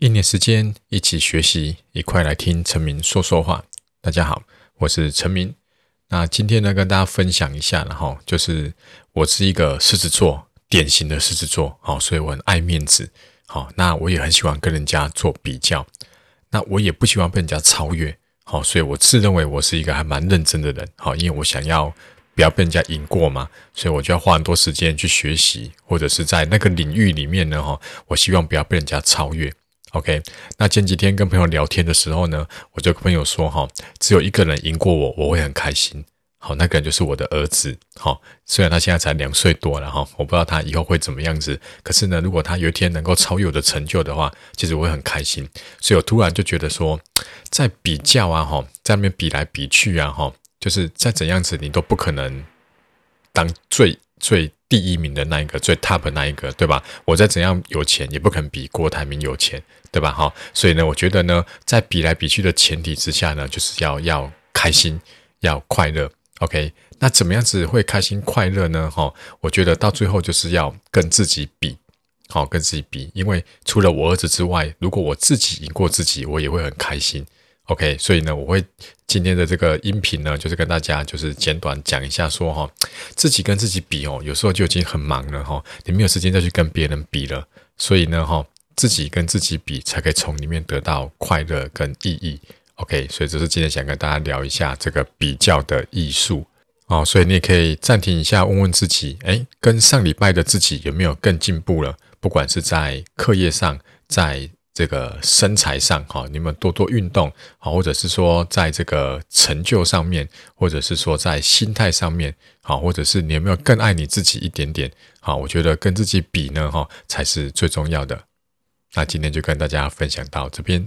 一年時間，一起學習，一塊來聽陳明說說話。大家好，我是陳明。那今天呢，跟大家分享一下了哈，就是我是一個獅子座，典型的獅子座，好，所以我很愛面子，好，那我也很喜歡跟人家做比較，那我也不希望被人家超越，好，所以我自認為我是一個還蠻認真的人，好，因為我想要不要被人家贏過嘛，所以我就要花很多時間去學習，或者是在那個領域裡面呢，哈，我希望不要被人家超越。OK，那前幾天跟朋友聊天的時候呢，我就跟朋友說哈，只有一個人贏過我，我會很開心。好，那個人就是我的兒子。好，雖然他現在才兩歲多了哈，我不知道他以後會怎麼樣子。可是呢，如果他有一天能夠超越我的成就的話，其實我會很開心。所以我突然就覺得說，在比較啊，在那邊比來比去啊，就是再怎樣子你都不可能當最最。第一名的那一個最 top 的那一個，對吧？我再怎樣有錢，也不可能比郭台銘有錢，對吧？哈、哦，所以呢，我覺得呢，在比來比去的前提之下呢，就是要要開心，要快樂。OK，那怎麼樣子會開心快樂呢？哈、哦，我覺得到最後就是要跟自己比，好、哦、跟自己比，因為除了我兒子之外，如果我自己贏過自己，我也會很開心。OK，所以呢，我會今天的這個音頻呢，就是跟大家就是簡短講一下，說哈，自己跟自己比哦，有時候就已經很忙了哈，你沒有時間再去跟別人比了，所以呢哈，自己跟自己比，才可以從裡面得到快樂跟意義。OK，所以這是今天想跟大家聊一下這個比較的藝術哦，所以你也可以暫停一下，問問自己，哎，跟上禮拜的自己有沒有更進步了？不管是在課業上，在這個身材上哈，你們多多運動啊，或者是說在這個成就上面，或者是說在心態上面，哈，或者是你有沒有更愛你自己一點點？哈，我覺得跟自己比呢，哈，才是最重要的。那今天就跟大家分享到這邊。